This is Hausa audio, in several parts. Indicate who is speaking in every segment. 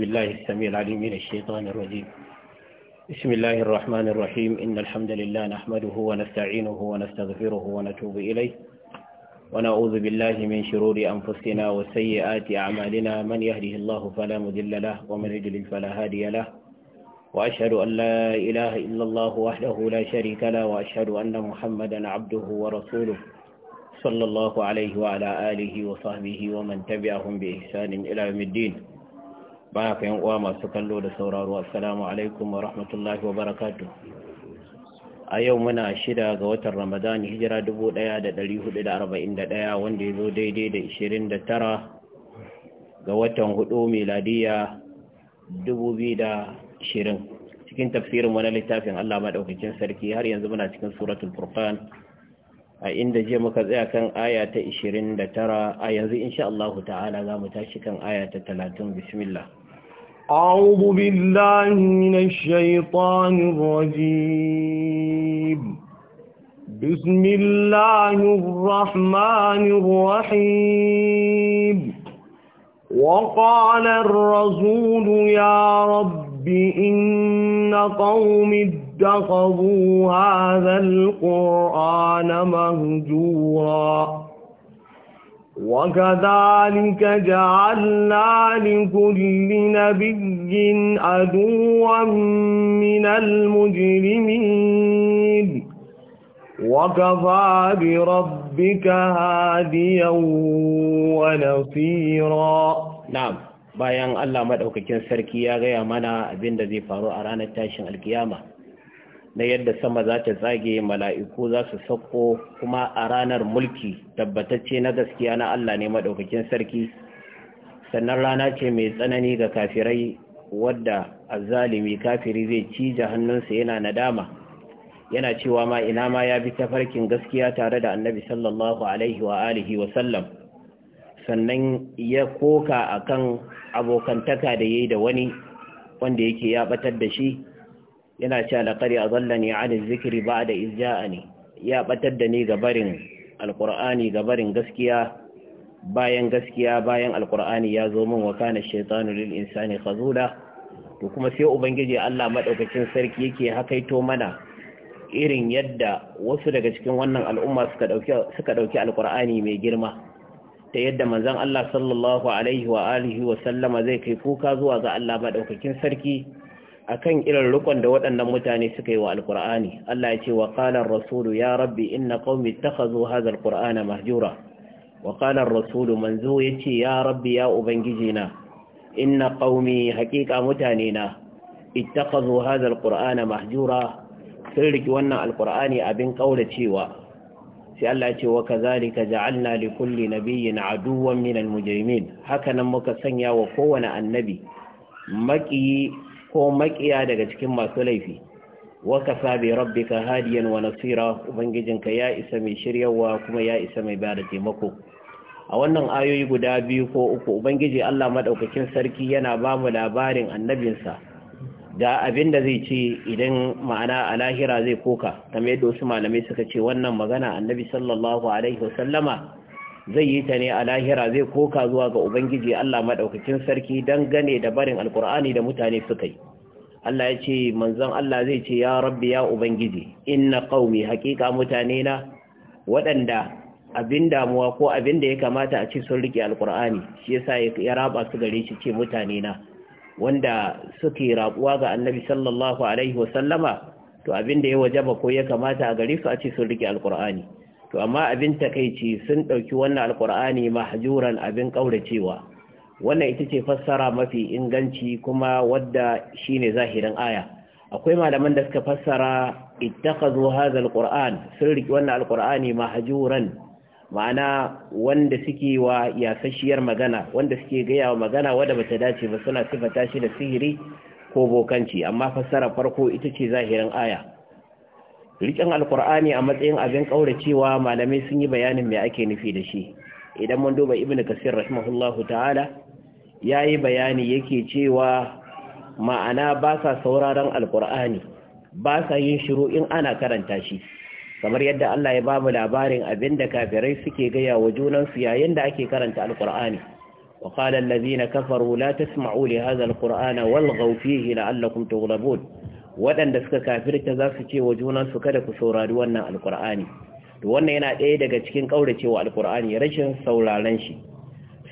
Speaker 1: بالله السميع العليم من الشيطان الرجيم بسم الله الرحمن الرحيم إن الحمد لله نحمده ونستعينه ونستغفره ونتوب إليه ونعوذ بالله من شرور أنفسنا وسيئات أعمالنا من يهده الله فلا مضل له ومن يضلل فلا هادي له وأشهد أن لا إله إلا الله وحده لا شريك له وأشهد أن محمدا عبده ورسوله صلى الله عليه وعلى آله وصحبه ومن تبعهم بإحسان إلى يوم الدين ba ka yan uwa masu kallo da sauraro assalamu alaikum wa rahmatullahi wa barakatu. a yau muna shida ga watan ramadan hijira da 1441 wanda ya zo daidai da 29 ga watan hudu miladiya 2020 cikin tafsirin wani littafin allah maɗaukacin sarki har yanzu muna cikin suratul furqan a inda je muka tsaya kan aya ta 29 a yanzu insha Allah ta'ala za mu tashi kan aya ta 30 bismillah
Speaker 2: أعوذ بالله من الشيطان الرجيم بسم الله الرحمن الرحيم وقال الرسول يا رب إن قوم اتخذوا هذا القرآن مهجوراً وكذلك جعلنا لكل نبي عدوا من المجرمين وكفى بربك هاديا ونصيرا نعم bayan Allah madaukakin
Speaker 1: sarki ya gaya mana abin da zai faru a ranar tashin alkiyama na yadda sama za ta tsage mala'iku za su sako kuma a ranar mulki tabbatacce na gaskiya na Allah ne maɗaukakin sarki sannan rana ce mai tsanani ga kafirai wadda zalimi kafiri zai cije hannunsa yana nadama yana cewa ma ina ma ya bi ta farkin gaskiya tare da annabi sallallahu alaihi wa alihi wa sallam sannan ya koka akan abokantaka da yayi da wani wanda yake ya batar da shi yana cewa laqad azallani 'ala zikiri ba da iz ne ya batar da ni gabarin ga gabarin gaskiya bayan gaskiya bayan Alƙur'ani, ya zo min wa kana shaytanu lil insani khazula to kuma sai ubangiji Allah maɗaukakin sarki yake hakaito mana irin yadda wasu daga cikin wannan al'umma suka ɗauki Alƙur'ani mai girma ta yadda manzon Allah sallallahu alaihi wa alihi wa sallama zai kai kuka zuwa ga Allah maɗaukakin sarki akan irin rukun da waɗannan mutane suka yi wa alkur'ani Allah ya ce wa qala rasulu ya rabbi inna qaumi ittakhadhu hadha al mahjura wa qala rasulu manzo yace ya rabbi ya ubangiji na inna qaumi haqiqa mutane na ittakhadhu hadha al-qur'ana mahjura sun riki wannan alkur'ani abin kauracewa sai Allah ya ce wa kadhalika ja'alna li kulli nabiyyin aduwwan min al-mujrimin haka nan muka sanya wa kowane annabi maƙiyi ko makiya daga cikin masu laifi wa bai Rabbi ka hadiyan wa nasira ubangijinka ya isa mai shiryawa kuma ya isa mai bada taimako a wannan ayoyi guda biyu ko uku ubangiji Allah madaukakin sarki yana ba mu labarin annabinsa Da abin da zai ce idan ma'ana a lahira zai koka kamar yadda wasu malamai suka ce wannan magana annabi sallallahu alaihi wasallama zai yi ta ne a lahira zai koka zuwa ga ubangiji Allah maɗaukacin sarki don gane da barin alkur'ani da mutane suka yi Allah ya ce manzon Allah zai ce ya rabbi ya ubangiji inna ƙaumi haƙiƙa mutane na waɗanda abin damuwa ko abin da ya kamata a ci sun riƙe alkur'ani shi yasa ya raba su gare shi ce mutane na wanda suke rabuwa ga annabi sallallahu alaihi wasallama to abin da ya wajaba ko ya kamata a gare su a ci sun riƙe alkur'ani to amma abin takaici sun ɗauki wannan alkur'ani mahjuran abin ƙauracewa wannan ita ce fassara mafi inganci kuma wadda shine zahirin aya akwai malaman da suka fassara ittakhadhu hadha alqur'an sun riki wannan alqur'ani mahjuran ma'ana wanda suke wa yasashiyar magana wanda suke gaya wa magana wanda bata dace ba suna sifata shi da sihiri ko bokanci amma fassara farko ita ce zahirin aya riƙen alkur'ani a matsayin abin ƙauracewa malamai sun yi bayanin mai ake nufi da shi idan mun duba ibn kasir rahimahullahu ta'ala ya yi bayani yake cewa ma'ana ba sa sauraron alkur'ani ba sa yin shiru in ana karanta shi kamar yadda Allah ya babu labarin abin da kafirai suke gaya wa junansu yayin da ake karanta alkur'ani wa qala allazina kafaru la tasma'u li hadha alqur'ana walghaw fihi la'allakum tughlabun waɗanda suka kafirta za su ce wa junansu kada ku saurari wannan alkur'ani to wannan yana ɗaya daga cikin ƙauracewa alkur'ani rashin sauraron shi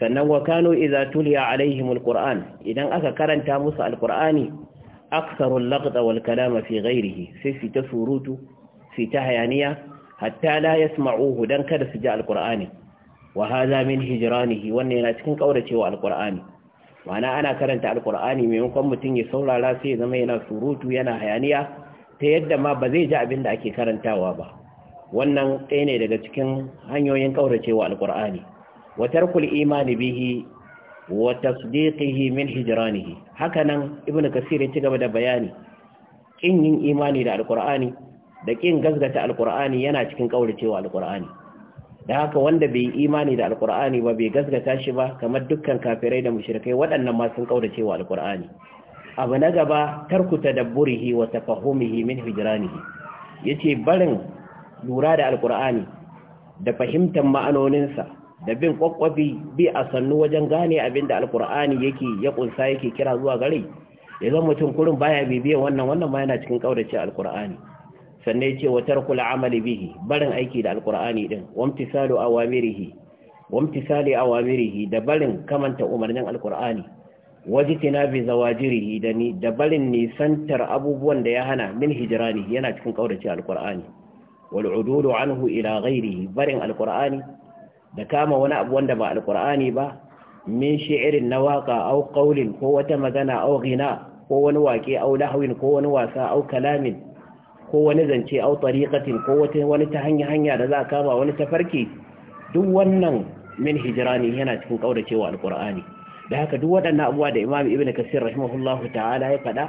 Speaker 1: sannan wa kano iza tuliya alaihim alkur'an idan aka karanta musu alkur'ani aksarul laqda wal kalama fi ghairihi sai su ta surutu su hayaniya hatta la yasma'uhu dan kada su ji alkur'ani wa hadha min hijranihi wannan yana cikin ƙauracewa alkur'ani ma'ana ana karanta alkur'ani maimakon mutum ya saurara sai ya zama yana surutu yana hayaniya ta yadda ma ba zai ji abin da ake karantawa ba wannan ɗaya ne daga cikin hanyoyin ƙauracewa alkur'ani wa tarkul imani bihi wa tasdiqihi min hijranihi nan, ibnu kasir ya ci gaba da bayani kin yin imani da alkur'ani da kin gazgata alkur'ani yana cikin ƙauracewa alkur'ani da haka wanda bai imani da alkur'ani ba bai gasgata shi ba kamar dukkan kafirai da mushrikai waɗannan ma sun kaura wa alkur'ani abu na gaba tarkuta tadabburihi wa tafahumihi min hijranihi yace barin lura da alkur'ani da fahimtar ma'anoninsa da bin kwakwabi bi a sannu wajen gane abin da alkur'ani yake ya kunsa yake kira zuwa gare ya zama mutum kurin baya bibiyar wannan wannan ma yana cikin kaudace alkur'ani sannan ce wa tarkul amali bihi barin aiki da alkur'ani din wamtisalu awamirihi wamtisali awamirihi da barin kamanta umarnin alkur'ani wajitina bi zawajirihi da ni da barin nisantar abubuwan da ya hana min hijrani yana cikin kaurace alkur'ani wal udulu anhu ila ghairihi barin alkur'ani da kama wani abu wanda ba alkur'ani ba min shi'irin na waka au qaulin ko wata magana aw ghina ko wani wake au lahwin ko wani wasa au kalamin ko wani zance au tariqatin ko wani ta hanya hanya da za ka kama wani tafarki duk wannan min hijrani yana cikin kauracewa alqur'ani da haka duk waɗannan abuwa da Imam Ibn Kathir rahimahullahu ta'ala ya faɗa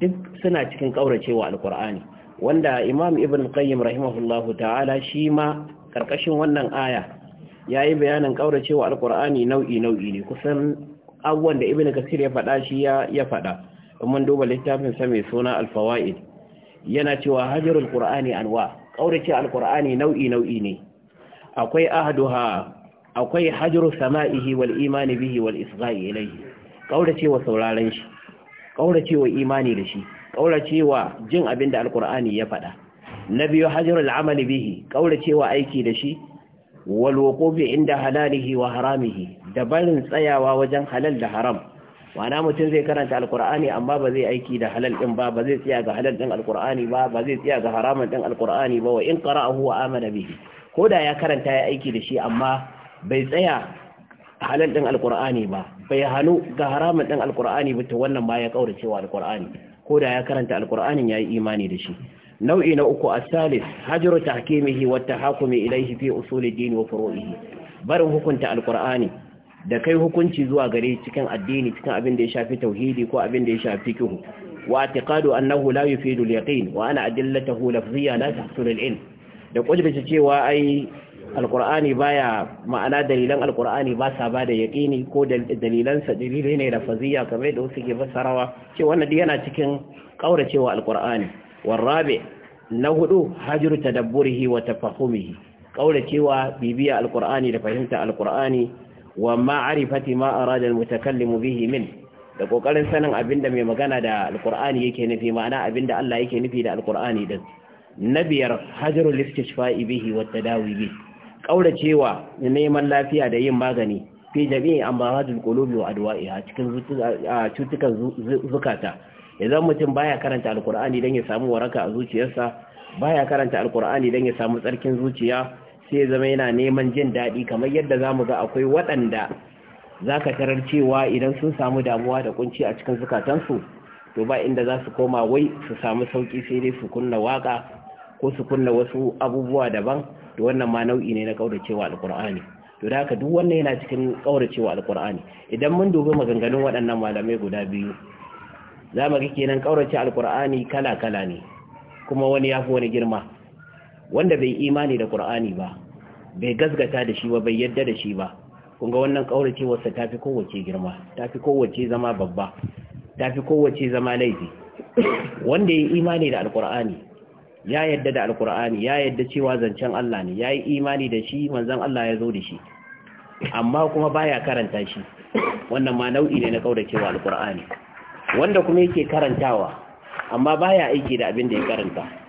Speaker 1: duk suna cikin ƙauracewa alqur'ani wanda Imam Ibn Qayyim rahimahullahu ta'ala shi ma karkashin wannan aya yayi bayanin ƙauracewa alqur'ani nau'i nau'i ne kusan abuwan da Ibn kasir ya faɗa shi ya ya faɗa mun duba littafin sa mai suna al-fawaid yana cewa hajarul qur'ani anwa Ƙaurace alqur'ani nau'i nau'i ne akwai Ahaduha, akwai hajaru sama'ihi wal imani bihi wal isgha'i wa sauraren shi Ƙaurace wa imani da shi Ƙaurace wa jin abin da ya faɗa na biyu hajarul amali bihi ƙaurace wa aiki da shi wal wuqufi inda halalihi wa haramihi da barin tsayawa wajen halal da haram Wana mutum zai karanta alkur'ani amma ba zai aiki da halal din ba ba zai tsaya ga halal din alkur'ani ba ba zai tsaya ga haramun din alkur'ani ba wa in qara'ahu wa amana bihi ko da ya karanta ya aiki da shi amma bai tsaya halal din alkur'ani ba bai hanu ga haramun din alkur'ani ba to wannan ba ya kaurace wa alkur'ani ko da ya karanta alkur'anin yayi imani da shi nau'i na uku asalis hajru tahkimihi wa tahakumi ilayhi fi usuli din wa furu'ihi barin hukunta alkur'ani da kai hukunci zuwa gare cikin addini cikin abin da ya shafi tauhidi ko abin da ya shafi fiqh wa i'tiqadu annahu la yufidu al-yaqin wa ana adillatuhu lafziyya la tahsul al-ilm da kudurta cewa ai alqur'ani baya ma'ana dalilan alqur'ani ba sa bada yaqini ko dalilan sa dalilai ne lafziyya kamar da wasu ke fassarawa Cewa wannan yana cikin al alqur'ani warabi na hudu hajru tadabburihi wa tafahumihi Ƙauracewa bibiya alqur'ani da fahimta alqur'ani wa Arifati ma arada almutakallimu bihi min da kokarin sanin abinda mai magana da alqur'ani yake nufi ma'ana abinda Allah yake nufi da alqur'ani din na biyar hajarul istishfa'i bihi wata tadawi bihi kauracewa neman lafiya da yin magani fi jami'i amradul qulubi wa adwa'iha cikin cutukan zukata idan mutum baya karanta alqur'ani dan ya samu waraka a zuciyarsa baya karanta alqur'ani dan ya samu tsarkin zuciya sai zama yana neman jin daɗi kamar yadda za mu ga akwai waɗanda za ka tarar cewa idan sun samu damuwa da kunci a cikin zukatansu to ba inda za su koma wai su samu sauƙi sai dai su kunna waƙa ko su kunna wasu abubuwa daban to wannan ma nau'i ne na ƙauracewa alƙur'ani to da haka duk wannan yana cikin ƙauracewa alƙur'ani idan mun dubi maganganun waɗannan malamai guda biyu za mu ga kenan ƙaurace alƙur'ani kala kala ne kuma wani ya fi wani girma wanda bai imani da qur'ani ba bai gasgata da shi ba bai yadda da shi ba kun wannan kauracewarsa ta fi kowace girma ta fi kowace zama babba ta fi kowace zama laifi wanda ya imani da Alƙur'ani, ya yadda da Alƙur'ani, ya yadda cewa zancen Allah ne ya yi imani da shi manzan Allah ya zo da shi amma kuma baya karanta shi wannan ma nau'i ne na kauracewa alkur'ani wanda kuma yake karantawa amma baya aiki da abin da ya karanta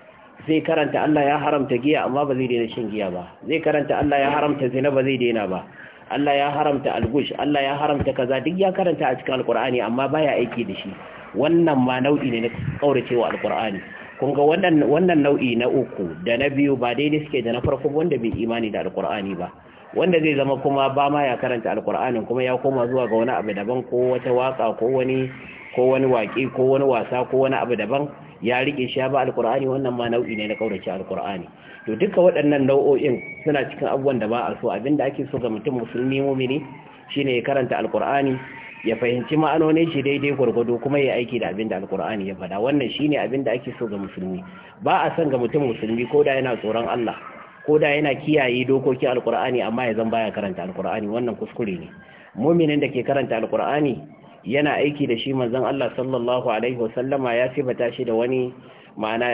Speaker 1: zai karanta Allah ya haramta giya amma ba zai daina shan giya ba zai karanta Allah ya haramta zina ba zai daina ba Allah ya haramta algush Allah ya haramta kaza duk ya karanta a cikin alkur'ani amma baya aiki da shi wannan ma nau'i ne na kauracewa alkur'ani kun ga wannan wannan nau'i na uku da na biyu ba daidai suke da na farko wanda bai imani da alkur'ani ba wanda zai zama kuma ba ma ya karanta alkur'anin kuma ya koma zuwa ga wani abu daban ko wata waka ko wani ko wani waƙi ko wani wasa ko wani abu daban ya rike shi ba alkur'ani wannan ma nau'i ne na kaurace alkur'ani to duka waɗannan nau'o'in suna cikin abubuwan da ba a so abinda ake so ga mutum musulmi mumini shine ya karanta alkur'ani ya fahimci ma'anonin shi daidai gwargwado kuma ya aiki da abinda alkur'ani ya faɗa wannan shine da ake so ga musulmi ba a son ga mutum musulmi ko da yana tsoron Allah ko da yana kiyaye dokokin alkur'ani amma ya zan baya karanta alkur'ani wannan kuskure ne muminin da ke karanta alkur'ani yana aiki da shi manzon Allah sallallahu alaihi wasallama ya sifata shi da wani ma'ana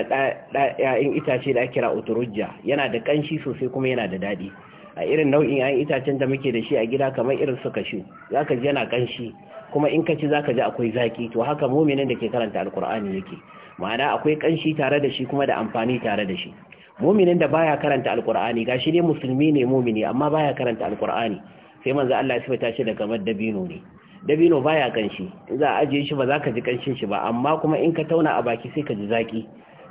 Speaker 1: ‘ya'yan itace da kira uturujja yana da kanshi sosai kuma yana da daɗi a irin nau'in ‘ya'yan itacen da muke da shi a gida kamar irin su kashu za ka ji yana kanshi kuma in ka ci za ka ji akwai zaki to haka muminin da ke karanta alkur'ani yake ma'ana akwai kanshi tare da shi kuma da amfani tare da shi muminin da baya karanta alkur'ani ga shi ne musulmi ne mumini amma baya karanta alkur'ani sai manzo Allah ya sifata shi da kamar dabino ne dabino baya kanshi za a ajiye shi ba za ka ji kanshin shi ba amma kuma in ka tauna a baki sai ka ji zaki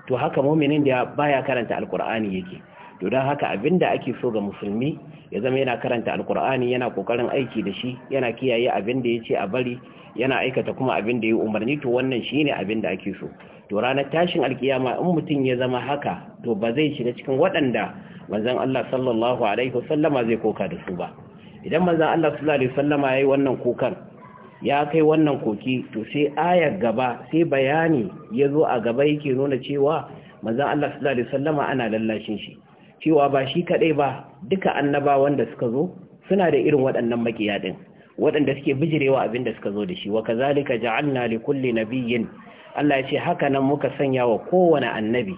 Speaker 1: to haka muminin da baya karanta alkur'ani yake to don haka abinda ake so ga musulmi ya zama yana karanta alkur'ani yana kokarin aiki da shi yana kiyaye abin da ya ce a bari yana aikata kuma abin da ya umarni to wannan shine abin da ake so to ranar tashin alkiyama in mutum ya zama haka to ba zai shiga cikin waɗanda manzon Allah sallallahu alaihi wasallama zai koka da su ba idan manzon Allah sallallahu alaihi wasallama yayi wannan kokan ya kai wannan koki to sai ayar gaba sai bayani ya zo a gaba yake nuna cewa manzan Allah sallallahu alaihi wasallama ana lallashin shi cewa ba shi kadai ba duka annaba wanda suka zo suna da irin waɗannan makiya din waɗanda suke bijirewa abin da suka zo da shi wa kazalika ja'alna li kulli nabiyyin Allah ya ce haka nan muka sanya wa kowane annabi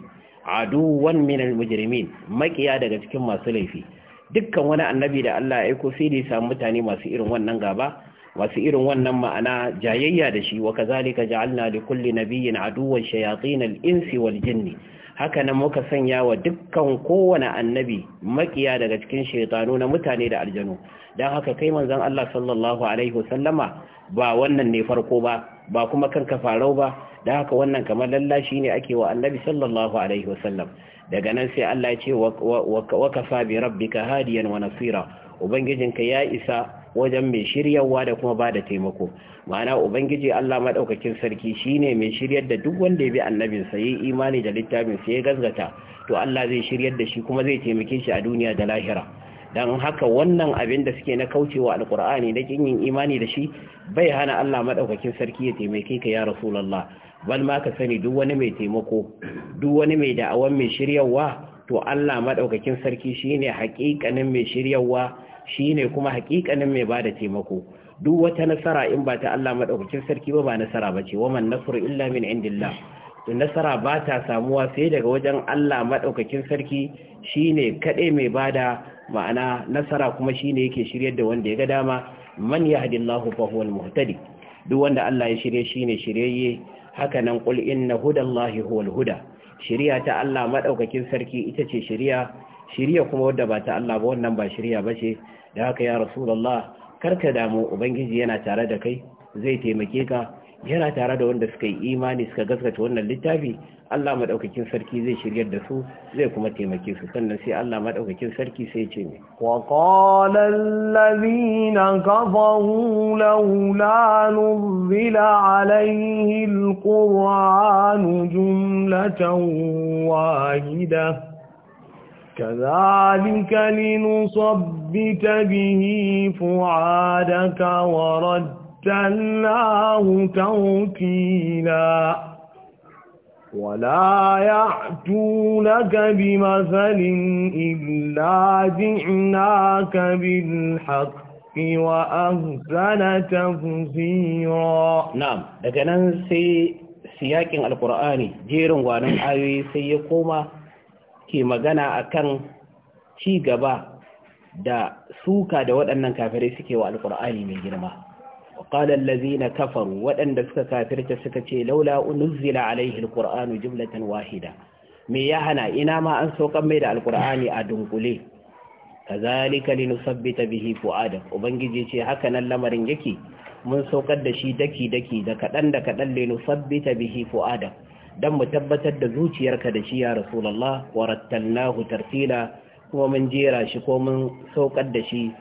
Speaker 1: aduwan minal mujrimin makiya daga cikin masu laifi dukkan wani annabi da Allah ya aiko sai da ya samu mutane masu irin wannan gaba masu irin wannan ma'ana jayayya da shi wa kazalika ja'alna li kulli nabiyyin aduwwan shayatin al-insi wal jinni haka nan muka sanya wa dukkan kowane annabi makiya daga cikin shaytanu na mutane da aljanu dan haka kai manzon Allah sallallahu alaihi wasallama ba wannan ne farko ba ba kuma kanka farau ba dan haka wannan kamar lallashi ne ake wa annabi sallallahu alaihi wasallam daga nan sai Allah ya ce wa kafa bi rabbika hadiyan wa nasira ubangijinka ya isa wajen mai shiryarwa da kuma ba da taimako ma'ana ubangiji Allah maɗaukakin sarki shi ne mai shiryar da duk wanda ya bi annabinsa ya yi imani da littafinsa ya gazgata to Allah zai shiryar da shi kuma zai taimake shi a duniya da lahira don haka wannan abin da suke na kaucewa Alƙur'ani na kin yin imani da shi bai hana Allah maɗaukakin sarki ya taimake ka ya rasulallah. bal ma ka sani duk wani mai taimako duk wani mai da'awan mai shiryarwa to Allah maɗaukakin sarki shi ne haƙiƙanin mai shiryarwa shine kuma haƙiƙanin mai bada taimako duk wata nasara in ba ta Allah madaukakin sarki ba ba nasara ce, waman nasru illa min indillah to nasara ba ta samuwa sai daga wajen Allah maɗaukakin sarki shine kaɗai mai bada ma'ana nasara kuma shine yake shiryar da wanda ya ga dama man yahdillahu fa huwal muhtadi duk wanda Allah ya shirye shine shiryayye haka nan qul inna hudallahi huwal huda shiriya ta Allah maɗaukakin sarki ita ce shiriya shiriya kuma wadda ba ta Allah ba wannan ba shiriya bace da haka ya rasulullah karka damu ubangiji yana tare da kai zai taimake ka yana tare da wanda suka yi imani suka gaskata wannan littafi Allah maɗaukakin sarki zai shiryar da su zai
Speaker 2: kuma taimake su
Speaker 1: sannan sai Allah maɗaukakin sarki sai ce ne
Speaker 2: wa qala allazina kafaru laula nuzila alayhi alquran jumlatan wahida كذلك لنصبت به فعادك وردناه توكيلا ولا يأتونك بمثل إلا جعناك بالحق wa ahsana tafsira na'am daga nan
Speaker 1: sai siyakin alqur'ani jerin gwanan ayoyi sai ya koma ke magana a kan gaba da suka da waɗannan kafirai suke wa alƙar'ani mai girma. Waƙala lalazi na kafar waɗanda suka kafirta suka ce laula unuzila alaihi alƙar'ani jimlatan wahida. Me ya hana ina ma an sauƙan mai da alƙar'ani a dunkule. Ka zalika ne nusar bihi ko adam. Ubangiji ce haka nan lamarin yake mun saukar da shi daki-daki da kaɗan da kaɗan ne nusar bihi fu adam. don mu tabbatar da zuciyarka da shi ya rasulallah wa nahu tartila kuma mun jera shi ko mun saukar da shi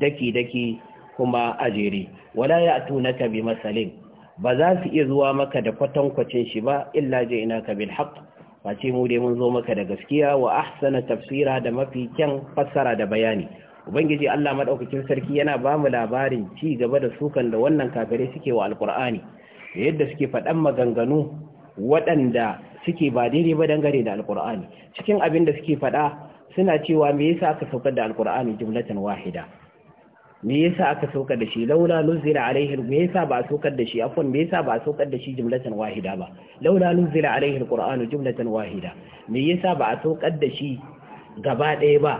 Speaker 1: daki-daki kuma a jere wala ya tunaka bi masalin ba za su iya zuwa maka da kwatankwacin shi ba illa je ina ka bil haqq face mu dai mun zo maka da gaskiya wa ahsana tafsira da mafi kyan fassara da bayani ubangiji Allah madaukakin sarki yana ba mu labarin ci gaba da sukan da wannan kafirai suke wa alqur'ani da yadda suke faɗan maganganu waɗanda suke ba daidai ba dangane da alkur'ani cikin abin da suke faɗa suna cewa me yasa aka saukar da alkur'ani jumlatan wahida me yasa aka saukar da shi laula nuzila alaihi me yasa ba a saukar da shi afwan me yasa ba a saukar da shi jumlatan wahida ba laula nuzila alaihi alqur'anu jumlatan wahida me yasa ba a saukar da shi gaba ɗaya ba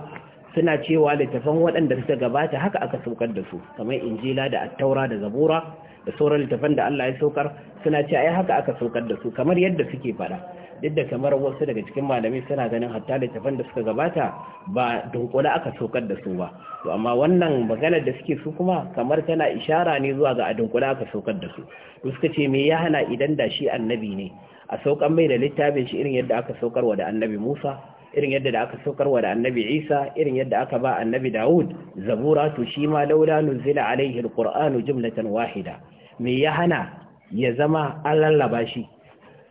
Speaker 1: suna cewa littafan waɗanda suka gabata haka aka saukar da su kamar injila da attaura da zabura da sauran littafan da Allah ya saukar suna cewa ai haka aka saukar da su kamar yadda suke faɗa duk da kamar wasu daga cikin malamai suna ganin hatta littafan da suka gabata ba dunkula aka saukar da su ba to amma wannan maganar da suke su kuma kamar tana ishara ne zuwa ga a dunkula aka saukar da su to suka ce me ya hana idan da shi annabi ne a saukan mai da littafin shi irin yadda aka saukar saukarwa da annabi Musa irin yadda da aka wa da annabi Isa irin yadda aka ba annabi Dawud zabura to shi ma laula nuzila alaihi alqur'anu jumlatan wahida me ya hana ya zama an lallaba shi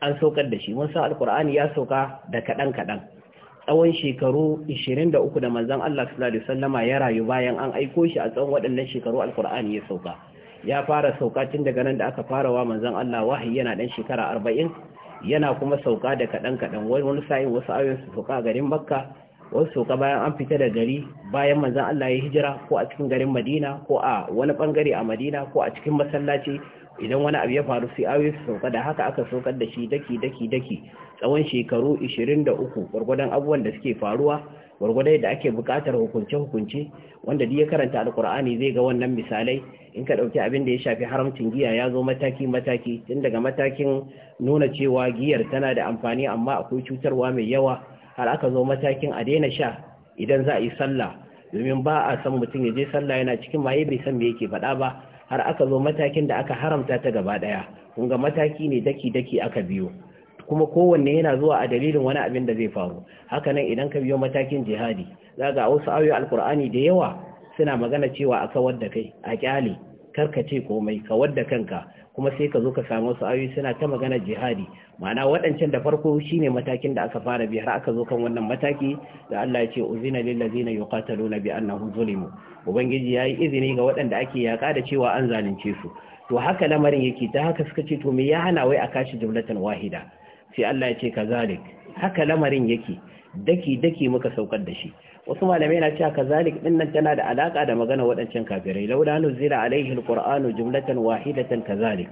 Speaker 1: an saukar da shi mun san alqur'ani ya sauka da kadan kadan tsawon shekaru 23 da manzon Allah sallallahu alaihi wasallama ya rayu bayan an aiko shi a tsawon waɗannan shekaru alqur'ani ya sauka ya fara sauka tun daga nan da aka fara wa manzon Allah wahayi yana dan shekara arba'in yana kuma sauka da kaɗan kaɗan wani sa'in wasu ayoyin su sauka a garin makka wasu sauka bayan an fita da gari bayan manzan Allah ya hijira ko a cikin garin madina ko a wani bangare a madina ko a cikin masallaci idan wani abu ya faru sai ayoyi su sauka da haka aka saukar da shi daki daki daki tsawon shekaru 23 gwargwadon abubuwan da suke faruwa gwargwadon da ake buƙatar hukunce-hukunce wanda duk ya karanta alkur'ani zai ga wannan misalai in ka ɗauki abin da ya shafi haramcin giya ya zo mataki-mataki tun daga matakin nuna cewa giyar tana da amfani amma akwai cutarwa mai yawa har aka zo matakin a daina sha idan za a yi sallah domin ba a san mutum ya je sallah yana cikin maye bai san me yake faɗa ba har aka zo matakin da aka haramta ta gaba ɗaya kun ga mataki ne daki-daki aka biyo kuma kowanne yana zuwa a dalilin wani abin da zai faru hakanan idan ka biyo matakin jihadi za a wasu ayoyi alkur'ani da yawa suna magana cewa a kawar da kai a kyale ce komai kawar da kanka kuma sai ka zo ka samu wasu ayoyi suna ta magana jihadi ma'ana waɗancan da farko shine matakin da aka fara bi har aka zo kan wannan mataki da Allah ya ce uzina lil ladina yuqataluna bi annahum zulimu ubangiji yayi izini ga waɗanda ake yaka da cewa an zalunce su to haka lamarin yake ta haka suka ce to me ya hana wai a kashi jumlatan wahida sai Allah ya ce kazalik haka lamarin yake daki daki muka saukar da shi wasu malamai na cewa kazalik din nan tana da alaka da magana waɗancan kafirai laula nuzila alaihi alqur'anu jumlatan wahidatan kazalik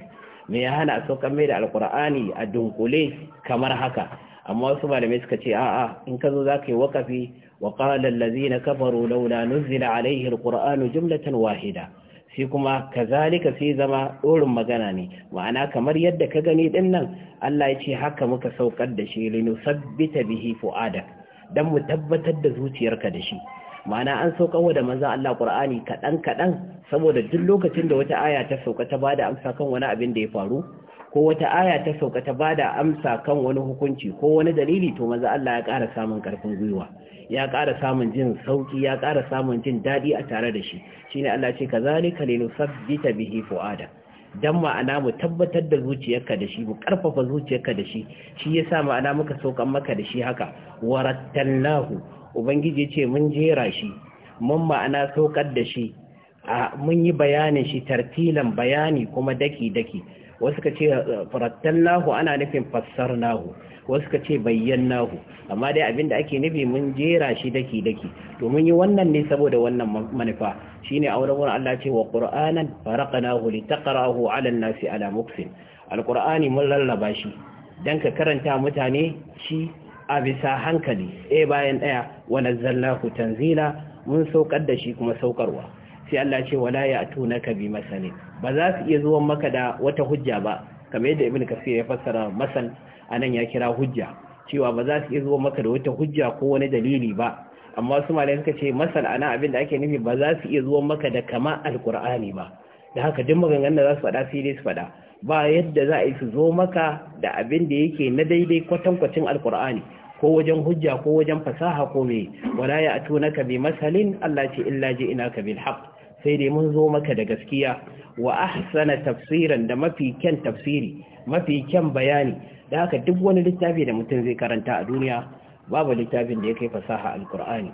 Speaker 1: me ya hana a saukar mai da alqur'ani a dunkule kamar haka amma wasu malamai suka ce a'a in ka zo zaka yi wakafi wa qala allazina kafaru laula nuzila alaihi alqur'anu jumlatan wahida shi kuma kazalika sai zama ɗorin magana ne ma'ana kamar yadda ka gani ɗin nan Allah ya ce haka muka saukar da shi lino sabbita bihi fu'ada don mu tabbatar da zuciyarka da shi ma'ana an wa da manzan Allah Qur'ani kaɗan kaɗan saboda duk lokacin da wata aya ta sauka ta bada amsa kan wani abin da ya faru ko wata aya ta sauka ta bada amsa kan wani hukunci ko wani dalili to maza Allah ya ƙara samun ƙarfin gwiwa ya ƙara samun jin sauki ya ƙara samun jin daɗi a tare da shi Shi ne Allah ce ka kazalika linusabbita bihi fuada dan ma'ana mu tabbatar da zuciyarka da shi mu ƙarfafa zuciyarka da shi shi ya sa ma'ana muka saukan maka da shi haka warattalnahu ubangiji ce mun jera shi mun ma'ana saukar da shi mun yi bayanin shi tartilan bayani kuma daki-daki wasu ka ce eh, nahu ana nufin fassar nahu, wasu ka ce nahu, amma dai abin da ake nufi mun jera shi daki-daki to mun yi wannan ne saboda wannan manufa shine a wurin Allah ce wa qur'anan faraqnahu litaqra'ahu 'ala an-nasi 'ala muksin alqur'ani mun lallaba shi dan ka karanta mutane shi a bisa hankali ɗaya bayan ɗaya wa nazzalnahu tanzila mun saukar da shi kuma saukarwa sai Allah ce wala ya ka bi masani ba za su iya zuwan maka da wata hujja ba kamar yadda ibn kasir ya fassara masal anan ya kira hujja cewa ba za su iya zuwan maka da wata hujja ko wani dalili ba amma su malai suka ce masal ana abin da ake nufi ba za su iya zuwan maka da kama alkur'ani ba da haka duk maganganun da za su faɗa sai dai su faɗa ba yadda za a yi su zo maka da abin da yake na daidai kwatankwacin alkur'ani ko wajen hujja ko wajen fasaha ko me wala ya ka bi masalin Allah ce illa ji ina ka bil haqq sai dai mun zo maka da gaskiya wa ahsana tafsiran da mafi kyan tafsiri mafi kyan bayani da haka duk wani littafi da mutum zai karanta a duniya babu littafin da ya kai fasaha alkur'ani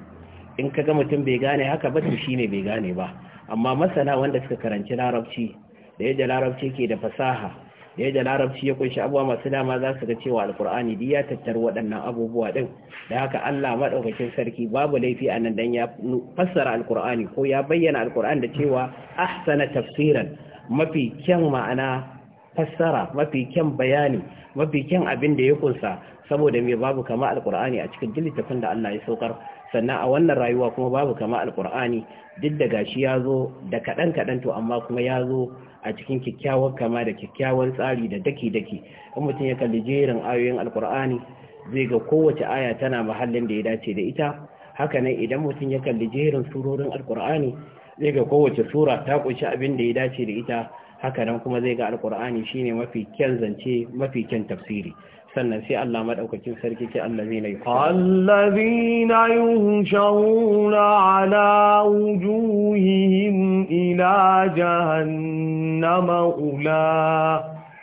Speaker 1: in ka ga mutum bai gane haka ba to shine bai gane ba amma masana wanda suka karanci larabci da yadda larabci ke da fasaha yadda larabci ya kunshi abuwa masu dama za su ga cewa alkur'ani duk ya tattar waɗannan abubuwa ɗin da haka allah maɗaukakin sarki babu laifi a nan don ya fassara alkur'ani ko ya bayyana alkur'ani da cewa ahsana tafsiran mafi kyan ma'ana fassara mafi kyan bayani mafi kyan abin da ya kunsa saboda mai babu kama alkur'ani a cikin jilitafin da allah ya saukar sannan a wannan rayuwa kuma babu kama alkur'ani duk da gashi ya zo da kaɗan kaɗan to amma kuma ya zo a cikin kyakkyawar kama da kyakkyawan tsari da daki-daki in mutum ya kalli jerin ayoyin alkur'ani zai ga kowace aya tana mahallin da ya dace da ita haka nan idan mutum ya kalli jerin surorin alkur'ani zai ga kowace sura ta kunshi abin da ya dace da ita haka nan kuma zai ga alkur'ani shine mafi kyan zance mafi kyan tafsiri sannan sai Allah maɗaukakin sarki ce allazina allazina
Speaker 2: yushawuna ala wujuhihim ila jahannama ula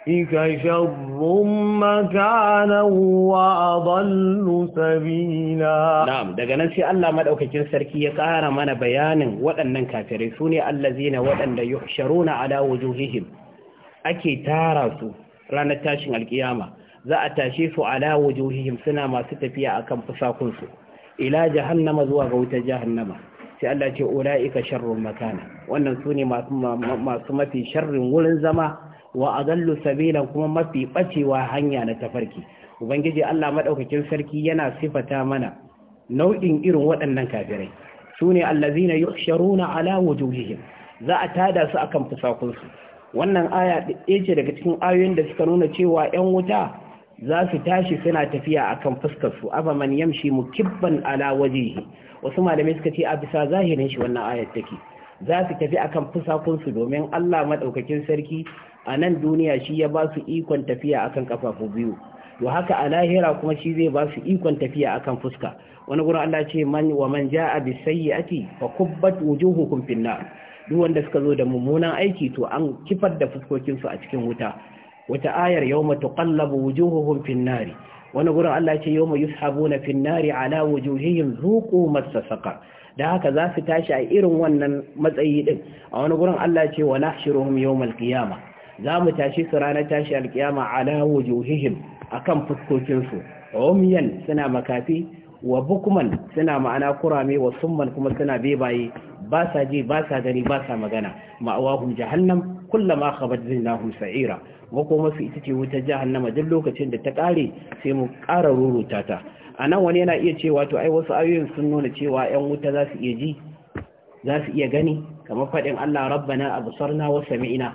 Speaker 2: ika sharrun makana wa adallu sabila
Speaker 1: na'am daga nan sai Allah madaukakin sarki ya ƙara mana bayanin waɗannan kafirai sune allazina waɗanda yuhsharuna ala wujuhihim ake tara su ranar tashin alkiyama za a tashe su ala wujuhihim suna masu tafiya akan fusakun su ila jahannama zuwa ga wutar jahannama sai Allah ce ulaika sharrul makana wannan sune masu masu mafi sharrin wurin zama wa adallu sabila kuma mafi bacewa hanya na tafarki ubangiji Allah madaukakin sarki yana sifata mana nau'in irin waɗannan kafirai sune allazina yuhsharuna ala wujuhihim za a tada su akan fusakun su wannan aya ɗaya ce daga cikin ayoyin da suka nuna cewa 'yan wuta za su tashi suna tafiya akan fuskar su abu man yamshi kibban ala wajihi wasu malamai suka ce a bisa zahirin shi wannan ayat take za su tafi akan kan fusakunsu domin Allah maɗaukakin sarki a nan duniya shi ya ba su ikon tafiya akan kafafu biyu to haka a lahira kuma shi zai ba su ikon tafiya akan fuska wani gurin Allah ce man wa man ja a bisayi ake? fa kubbat wujuhukum fin finna. duk wanda suka zo da mummunan aiki to an kifar da fuskokinsu a cikin wuta wata ayar yawma tuqallabu wujuhuhum fin nari wani gurin Allah ya ce yawma yushabuna fin nari ala wujuhihim zuqu massa da haka za su tashi a irin wannan matsayi din a wani gurin Allah ya ce wa nahshuruhum yawmal qiyamah za mu tashi su ranar tashi alkiyama ala wujuhihim kan fuskokinsu Omiyan suna makafi wa bukuman suna ma'ana kurame wa summan kuma suna bebaye ba sa ji ba sa gani ba sa magana ma'awahum jahannam kullama nahun sa'ira makoma su ita ce wuta jahannama duk lokacin da ta kare sai mu ƙara ruruta ta anan wani yana iya cewa to ai wasu ayoyin sun nuna cewa ƴan wuta za su iya ji za su iya gani kamar faɗin Allah rabbana absarna wa sami'na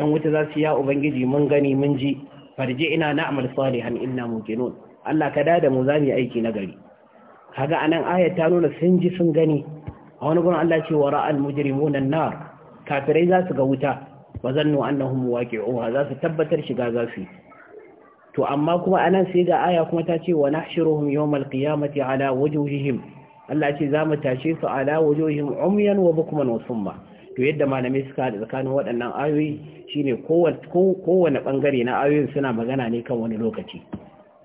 Speaker 1: ƴan wuta za su ya ubangiji mun gani mun ji ina na amal salihan inna muqinun Allah ka da mu za mu yi aiki nagari kaga anan ayat ta nuna sun ji sun gani a wani gurin Allah ce wa ra'al mujrimuna nar kafirai za su ga wuta wa zannu annahum oha za su tabbatar shiga za su to amma kuma anan sai ga aya kuma ta ce wa nahshuruhum yawmal qiyamati ala wujuhihim Allah ce za mu tashe su ala wujuhihim umyan wa bukman wa summa to yadda malamai suka da tsakanin waɗannan ayoyi shine kowanne ɓangare na ayoyin suna magana ne kan wani lokaci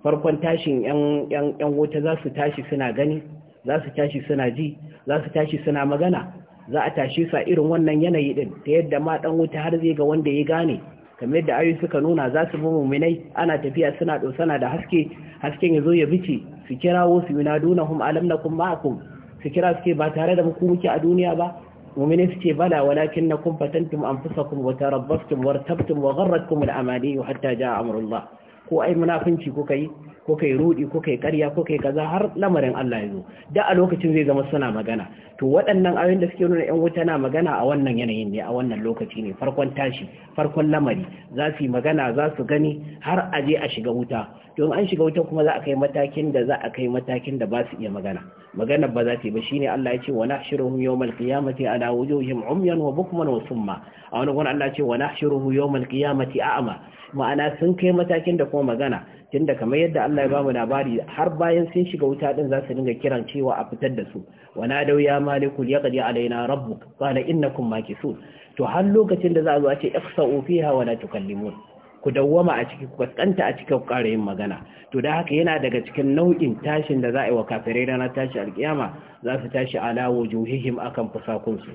Speaker 1: farkon tashin yan wuta za su tashi suna gani za su tashi suna ji za su tashi suna magana za a tashe su a irin wannan yanayi din ta yadda ma dan wuta har zai ga wanda ya gane kamar yadda ayoyi suka nuna za su bi muminai ana tafiya suna dosana da haske hasken ya zo ya bice su kirawo su yunadunahum alam nakum ma'akum su kira suke ba tare da muku muke a duniya ba muminai suke bala walakin nakum fatantum anfusakum wa tarabbastum wa wartabtum wa gharratkum al-amani hatta jaa amrullah ko ai munafinci kuka yi ko kai rudi ko kai ƙarya ko kai kaza har lamarin Allah ya zo da a lokacin zai zama suna magana to waɗannan ayoyin da suke nuna ƴan wuta na magana a wannan yanayin ne a wannan lokaci ne farkon tashi farkon lamari za su yi magana za su gani har a je a shiga wuta don an shiga wuta kuma za a kai matakin da za a kai matakin da ba su iya magana magana ba za ta yi ba shine Allah ya ce wa nahshuruhum yawmal qiyamati ala wujuhihim umyan wa bukman wa summa a wani gona Allah ya ce wa nahshuruhu yawmal qiyamati a'ma ma'ana sun kai matakin da kuma magana tunda kamar yadda Allah ya bamu labari har bayan sun shiga wuta din za su dinga kiran cewa a fitar da su wana dau ya malikul yaqdi alaina rabbuk qala innakum makisun to har lokacin da za a zo a ce ikhsa'u fiha wa la tukallimun ku dawwama a ciki ku kaskanta a cikin ƙara yin magana to da haka yana daga cikin nau'in tashin da za a yi wa kafirai na tashi alkiyama za su tashi ala wujuhihim akan fusakunsu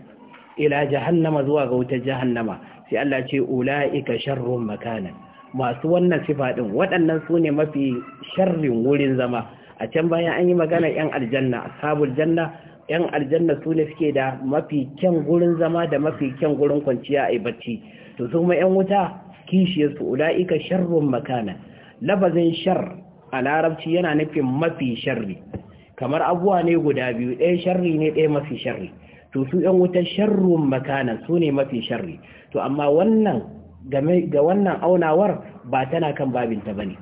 Speaker 1: ila jahannama zuwa ga wutar jahannama sai Allah ce ula'ika sharrun makanan masu wannan sifa din waɗannan su ne mafi sharrin wurin zama a can bayan an yi magana yan aljanna ashabul janna yan aljanna su ne suke da mafi kyan gurin zama da mafi kyan gurin kwanciya a bacci to su ma yan wuta kishiyarsu ula'ika sharrun makana labazin shar a larabci yana nufin mafi sharri kamar abuwa ne guda biyu ɗaya sharri ne ɗaya mafi sharri to su yan wuta sharrun makana su ne mafi sharri to amma wannan ga wannan aunawar ba tana kan babinta ba ne.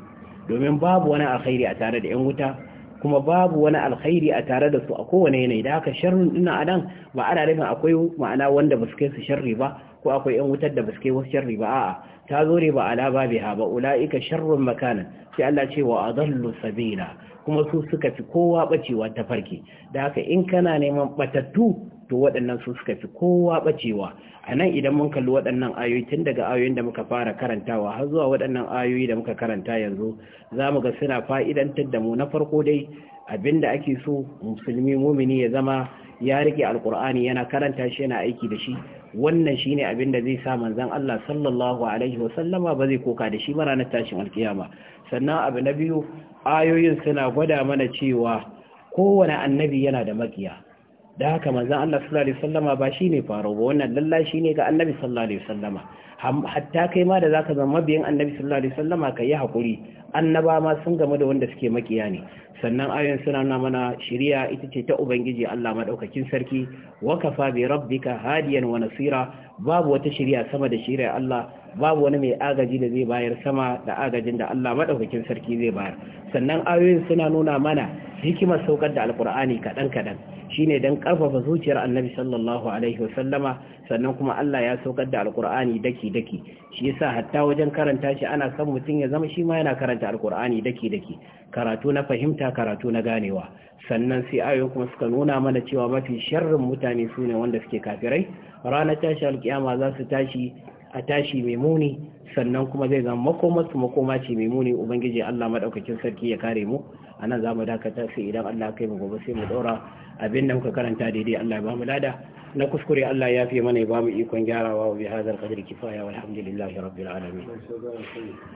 Speaker 1: domin babu wani alkhairi a tare da yan wuta kuma babu wani alkhairi a tare da su a kowane yanayi da haka sharrin ina nan, ba ana nufin akwai ma'ana wanda ba su kai su sharri ba ko akwai yan wutar da ba su kai wasu sharri ba a'a ta zo ne ba ala babiha ba ulaika sharrun makanan sai Allah ce wa adallu sabila kuma su suka fi kowa bacewa ta farki da haka in kana neman batattu to waɗannan su suka fi kowa ɓacewa. a nan idan mun kalli waɗannan ayoyi tun daga ayoyin da muka fara karantawa har zuwa waɗannan ayoyi da muka karanta yanzu za mu ga suna fa'idantar da mu na farko dai abin da ake so musulmi mumini ya zama ya rike alkur'ani yana karanta shi yana aiki da shi wannan shi ne abin da zai sa manzan Allah sallallahu alaihi wasallama ba zai koka da shi ba ranar tashin alkiyama sannan abu na biyu ayoyin suna gwada mana cewa kowane annabi yana da makiya da haka manzon Allah sallallahu alaihi wasallama ba ne faru ba wannan lallashi ne ga annabi sallallahu alaihi wasallama hatta kai ma da zaka zama mabiyan annabi sallallahu alaihi wasallama ka yi hakuri annaba ma sun game da wanda suke makiya ne sannan ayoyin suna nuna mana shiriya ita ce ta ubangiji Allah maɗaukakin sarki wa kafa bi rabbika hadiyan wa nasira babu wata shiriya sama da shiriyar Allah babu wani mai agaji da zai bayar sama da agajin da Allah maɗaukakin sarki zai bayar sannan ayoyin suna nuna mana hikimar saukar da alkur'ani kaɗan kaɗan. shine dan karfafa zuciyar annabi sallallahu alaihi wasallama sannan kuma Allah ya saukar da alkur'ani daki daki shi yasa hatta wajen karanta shi ana son mutum ya zama shi ma yana karanta alkur'ani daki daki karatu na fahimta karatu na ganewa sannan sai ayoyi kuma suka nuna mana cewa mafi sharrin mutane su ne wanda suke kafirai ranar tashi alkiyama za su tashi a tashi mai muni sannan kuma zai zama makomarsu makoma ce mai muni ubangiji Allah madaukakin sarki ya kare mu a nan za mu dakata sai idan Allah kai mu gobe sai mu ɗora abin da muka karanta daidai Allah ya ba mu lada na kuskure Allah ya fi mana ya ba mu ikon gyarawa wa bi hadar kifaya walhamdulillahi rabbil alamin